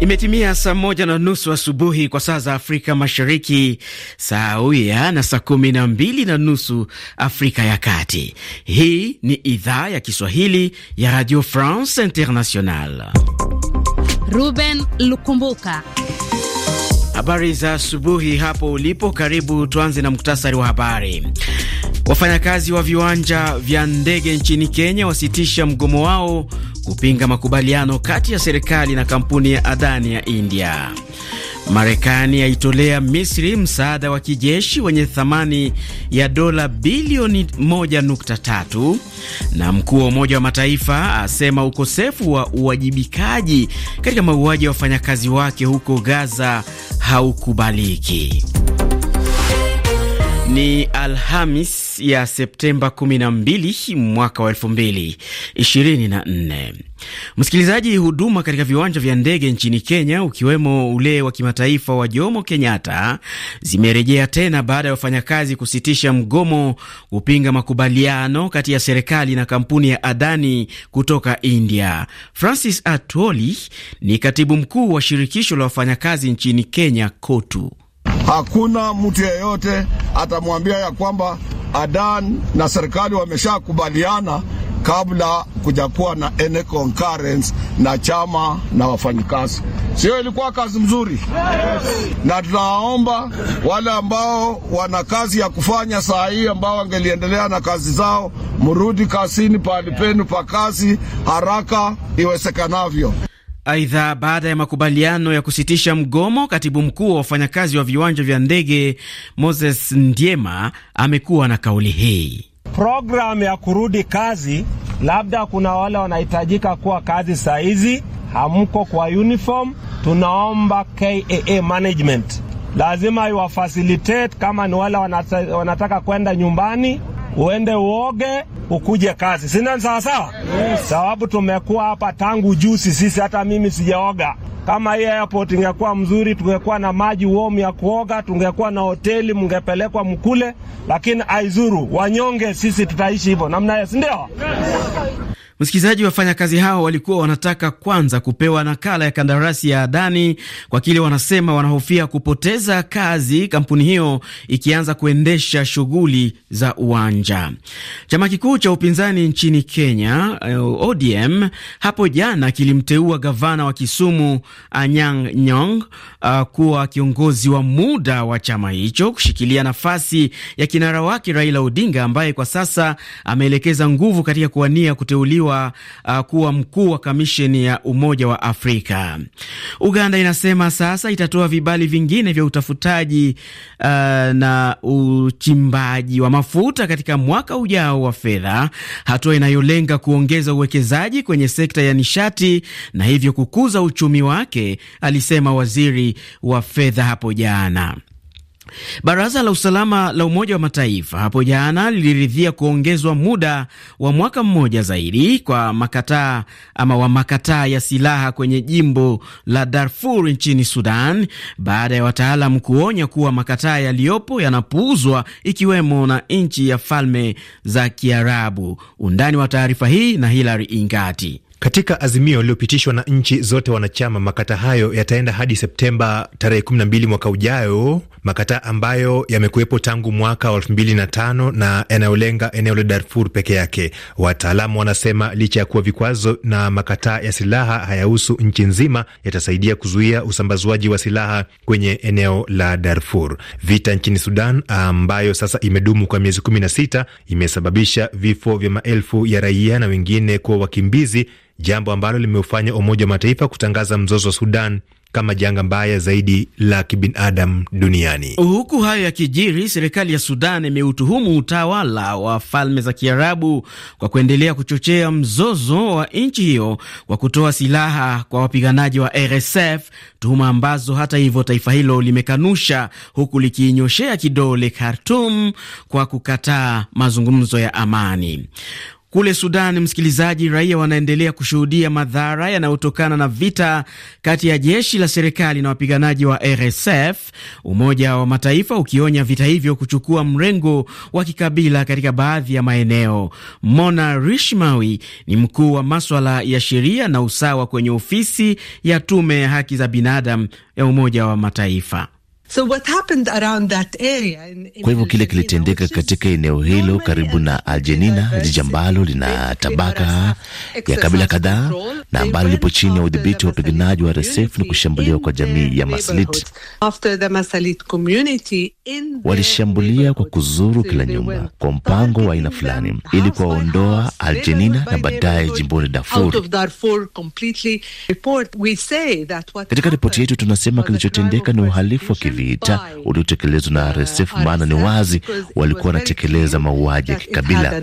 Imetimia saa moja na nusu asubuhi kwa saa za Afrika Mashariki, uya na saa kumi na mbili na nusu Afrika ya Kati. Hii ni idhaa ya Kiswahili ya Radio France International. Ruben Lukumbuka, habari za asubuhi hapo ulipo. Karibu tuanze na muktasari wa habari. Wafanyakazi wa viwanja vya ndege nchini Kenya wasitisha mgomo wao kupinga makubaliano kati ya serikali na kampuni ya Adani ya India. Marekani yaitolea Misri msaada wa kijeshi wenye thamani ya dola bilioni 1.3, na mkuu wa Umoja wa Mataifa asema ukosefu wa uwajibikaji katika mauaji ya wafanyakazi wake huko Gaza haukubaliki. Ni Alhamis ya Septemba 12 mwaka wa 2024. Msikilizaji, huduma katika viwanja vya ndege nchini Kenya ukiwemo ule wa kimataifa wa Jomo Kenyatta zimerejea tena baada ya wafanyakazi kusitisha mgomo kupinga makubaliano kati ya serikali na kampuni ya Adani kutoka India. Francis Atoli ni katibu mkuu wa shirikisho la wafanyakazi nchini Kenya, KOTU. Hakuna mtu yeyote atamwambia ya kwamba Adan na serikali wameshakubaliana kabla kujakuwa na any concurrence na chama na wafanyikazi. Sio, ilikuwa kazi mzuri, na tunawaomba wale ambao wana kazi ya kufanya saa hii, ambao wangeliendelea na kazi zao, mrudi kazini, pahali penu pa kazi haraka iwezekanavyo. Aidha, baada ya makubaliano ya kusitisha mgomo, katibu mkuu wa wafanyakazi wa viwanja vya ndege Moses Ndiema amekuwa na kauli hii: programu ya kurudi kazi, labda kuna wale wanahitajika kuwa kazi saa hizi, hamko kwa uniform. Tunaomba kaa management lazima iwafacilitate, kama ni wale wanataka kwenda nyumbani uende uoge, ukuje kazi, sina sawasawa? Yes. Sababu tumekuwa hapa tangu juzi sisi, hata mimi sijaoga. Kama hii airport ingekuwa mzuri, tungekuwa na maji warm ya kuoga, tungekuwa na hoteli, mngepelekwa mkule, lakini aizuru wanyonge, sisi tutaishi hivyo namna hiyo, si ndio? Yes. Msikilizaji, wafanyakazi hao walikuwa wanataka kwanza kupewa nakala ya kandarasi ya Adani kwa kile wanasema wanahofia kupoteza kazi kampuni hiyo ikianza kuendesha shughuli za uwanja. Chama kikuu cha upinzani nchini Kenya, eh, ODM, hapo jana kilimteua gavana wa Kisumu Anyang' Nyong' uh, kuwa kiongozi wa muda wa chama hicho kushikilia nafasi ya kinara wake Raila Odinga ambaye kwa sasa ameelekeza nguvu katika kuwania kuteuliwa kuteuliwa uh, kuwa mkuu wa kamisheni ya Umoja wa Afrika. Uganda inasema sasa itatoa vibali vingine vya utafutaji uh, na uchimbaji wa mafuta katika mwaka ujao wa fedha, hatua inayolenga kuongeza uwekezaji kwenye sekta ya nishati na hivyo kukuza uchumi wake, alisema waziri wa fedha hapo jana. Baraza la usalama la Umoja wa Mataifa hapo jana liliridhia kuongezwa muda wa mwaka mmoja zaidi kwa makataa ama wa makataa ya silaha kwenye jimbo la Darfur nchini Sudan, baada ya wataalam kuonya kuwa makataa yaliyopo yanapuuzwa, ikiwemo na nchi ya Falme za Kiarabu. Undani wa taarifa hii na Hilary Ingati. Katika azimio lililopitishwa na nchi zote wanachama, makata hayo yataenda hadi Septemba tarehe 12 mwaka ujayo, makata ambayo yamekuwepo tangu mwaka wa 2005 na yanayolenga eneo la Darfur peke yake. Wataalamu wanasema licha ya kuwa vikwazo na makataa ya silaha hayahusu nchi nzima, yatasaidia kuzuia usambazwaji wa silaha kwenye eneo la Darfur. Vita nchini Sudan ambayo sasa imedumu kwa miezi 16 imesababisha vifo vya maelfu ya raia na wengine kuwa wakimbizi jambo ambalo limeufanya Umoja wa Mataifa kutangaza mzozo wa Sudan kama janga mbaya zaidi la kibinadamu duniani. Huku hayo yakijiri, serikali ya Sudan imeutuhumu utawala wa Falme za Kiarabu kwa kuendelea kuchochea mzozo wa nchi hiyo kwa kutoa silaha kwa wapiganaji wa RSF, tuhuma ambazo hata hivyo taifa hilo limekanusha, huku likiinyoshea kidole khartum kwa kukataa mazungumzo ya amani. Kule Sudan, msikilizaji, raia wanaendelea kushuhudia madhara yanayotokana na vita kati ya jeshi la serikali na wapiganaji wa RSF, Umoja wa Mataifa ukionya vita hivyo kuchukua mrengo wa kikabila katika baadhi ya maeneo. Mona Rishmawi ni mkuu wa maswala ya sheria na usawa kwenye ofisi ya tume ya haki za binadamu ya Umoja wa Mataifa. So what happened around that area in, in kwa hivyo kile kilitendeka katika eneo hilo karibu na Algenina, jiji ambalo lina tabaka ya kabila kadhaa na ambalo lipo chini ya udhibiti wa wapiganaji wa RSF ni kushambuliwa kwa jamii ya Masalit. Walishambulia kwa kuzuru kila nyumba kwa mpango wa aina fulani, ili kuwaondoa Algenina na baadaye jimboni Darfur. Katika ripoti yetu tunasema kilichotendeka ni uhalifu wa vita uliotekelezwa na RSF, maana ni wazi walikuwa wanatekeleza mauaji ya kikabila.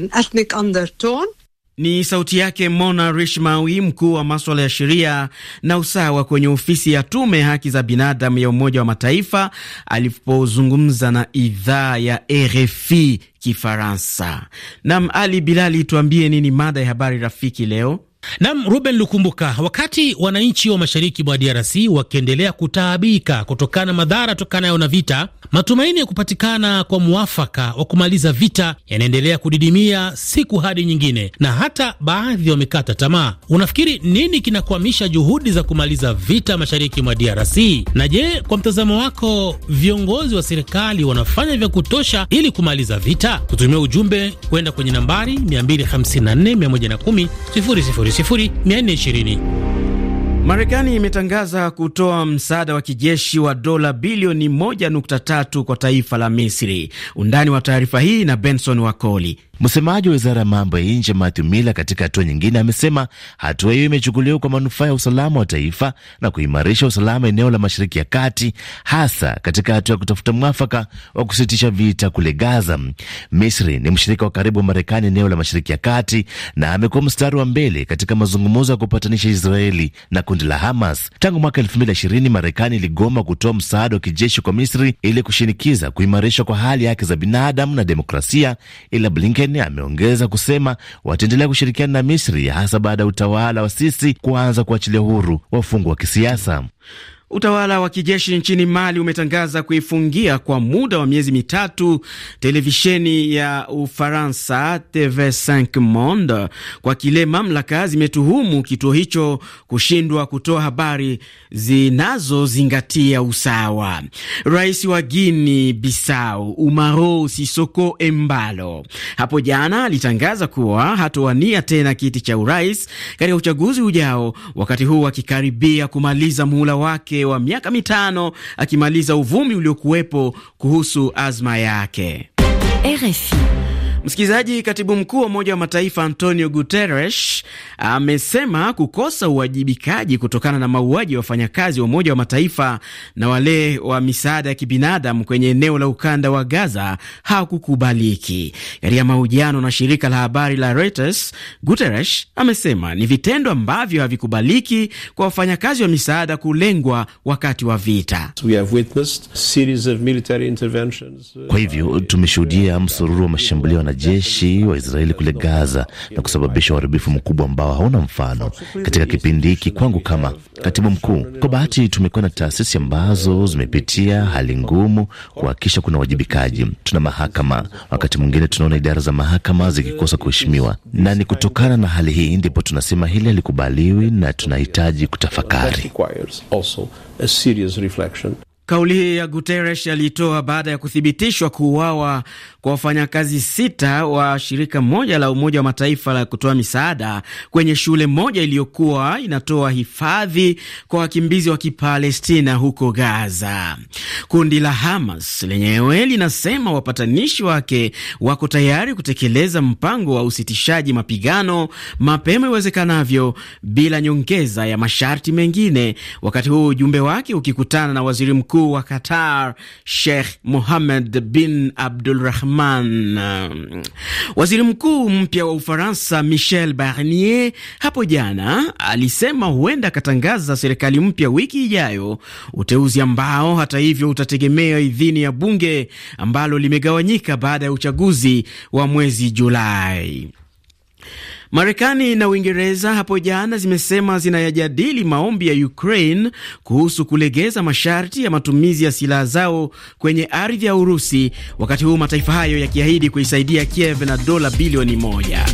Ni sauti yake Mona Rishmawi, mkuu wa maswala ya sheria na usawa kwenye ofisi ya tume haki za binadamu ya Umoja wa Mataifa alipozungumza na idhaa ya RFI Kifaransa. Nam Ali Bilali, tuambie nini mada ya habari rafiki leo? Nam Ruben Lukumbuka, wakati wananchi wa mashariki mwa DRC wakiendelea kutaabika kutokana na madhara tokanayo na vita, matumaini ya kupatikana kwa mwafaka wa kumaliza vita yanaendelea kudidimia siku hadi nyingine, na hata baadhi wamekata tamaa. Unafikiri nini kinakwamisha juhudi za kumaliza vita mashariki mwa DRC? Na je, kwa mtazamo wako, viongozi wa serikali wanafanya vya kutosha ili kumaliza vita? Kutumia ujumbe kwenda kwenye nambari 254 110 000 Marekani imetangaza kutoa msaada wa kijeshi wa dola bilioni 1.3 kwa taifa la Misri. Undani wa taarifa hii na Benson Wakoli. Msemaji wa wizara ya mambo ya nje Matthew Miller, katika hatua nyingine, amesema hatua hiyo imechukuliwa kwa manufaa ya usalama wa taifa na kuimarisha usalama eneo la Mashariki ya Kati, hasa katika hatua ya kutafuta mwafaka wa kusitisha vita kule Gaza. Misri ni mshirika wa karibu wa Marekani eneo la Mashariki ya Kati na amekuwa mstari wa mbele katika mazungumzo ya kupatanisha Israeli na kundi la Hamas. Tangu mwaka 2020 Marekani iligoma kutoa msaada wa kijeshi kwa Misri ili kushinikiza kuimarishwa kwa hali yake za binadamu na demokrasia, ila Blinken Kenya ameongeza kusema wataendelea kushirikiana na Misri hasa baada ya utawala wa Sisi kuanza kuachilia huru wafungwa wa kisiasa. Utawala wa kijeshi nchini Mali umetangaza kuifungia kwa muda wa miezi mitatu televisheni ya Ufaransa TV5 Monde kwa kile mamlaka zimetuhumu kituo hicho kushindwa kutoa habari zinazozingatia usawa. Rais wa guini Bissau Umaro Sisoko Embalo hapo jana alitangaza kuwa hatowania tena kiti cha urais katika uchaguzi ujao, wakati huu akikaribia kumaliza muhula wake wake wa miaka mitano akimaliza uvumi uliokuwepo kuhusu azma yake. RFI. Msikilizaji, katibu mkuu wa Umoja wa Mataifa Antonio Guterres amesema kukosa uwajibikaji kutokana na mauaji ya wafanyakazi wa Umoja wa Mataifa na wale wa misaada ya kibinadamu kwenye eneo la ukanda wa Gaza hakukubaliki. Katika mahojiano na shirika la habari la Reuters, Guterres amesema ni vitendo ambavyo havikubaliki kwa wafanyakazi wa misaada kulengwa wakati wa vita. Uh, kwa hivyo tumeshuhudia msururu wa mashambulio na wanajeshi wa Israeli kule Gaza na kusababisha uharibifu mkubwa ambao hauna mfano katika kipindi hiki kwangu kama katibu mkuu. Kwa bahati, tumekuwa na taasisi ambazo zimepitia hali ngumu kuhakikisha kuna uwajibikaji. Tuna mahakama, wakati mwingine tunaona idara za mahakama zikikosa kuheshimiwa, na ni kutokana na hali hii ndipo tunasema hili halikubaliwi na tunahitaji kutafakari. Kauli hii ya Guterres aliitoa baada ya kuthibitishwa kuuawa kwa wafanyakazi sita wa shirika moja la Umoja wa Mataifa la kutoa misaada kwenye shule moja iliyokuwa inatoa hifadhi kwa wakimbizi wa Kipalestina huko Gaza. Kundi la Hamas lenyewe linasema wapatanishi wake wako tayari kutekeleza mpango wa usitishaji mapigano mapema iwezekanavyo bila nyongeza ya masharti mengine, wakati huu ujumbe wake ukikutana na waziri mkuu wa Qatar Sheikh Mohammed bin Abdulrahman Man. Waziri mkuu mpya wa Ufaransa Michel Barnier hapo jana alisema huenda akatangaza serikali mpya wiki ijayo, uteuzi ambao hata hivyo utategemea idhini ya bunge ambalo limegawanyika baada ya uchaguzi wa mwezi Julai. Marekani na Uingereza hapo jana zimesema zinayajadili maombi ya Ukraine kuhusu kulegeza masharti ya matumizi ya silaha zao kwenye ardhi ya Urusi, wakati huu mataifa hayo yakiahidi kuisaidia Kiev na dola bilioni moja.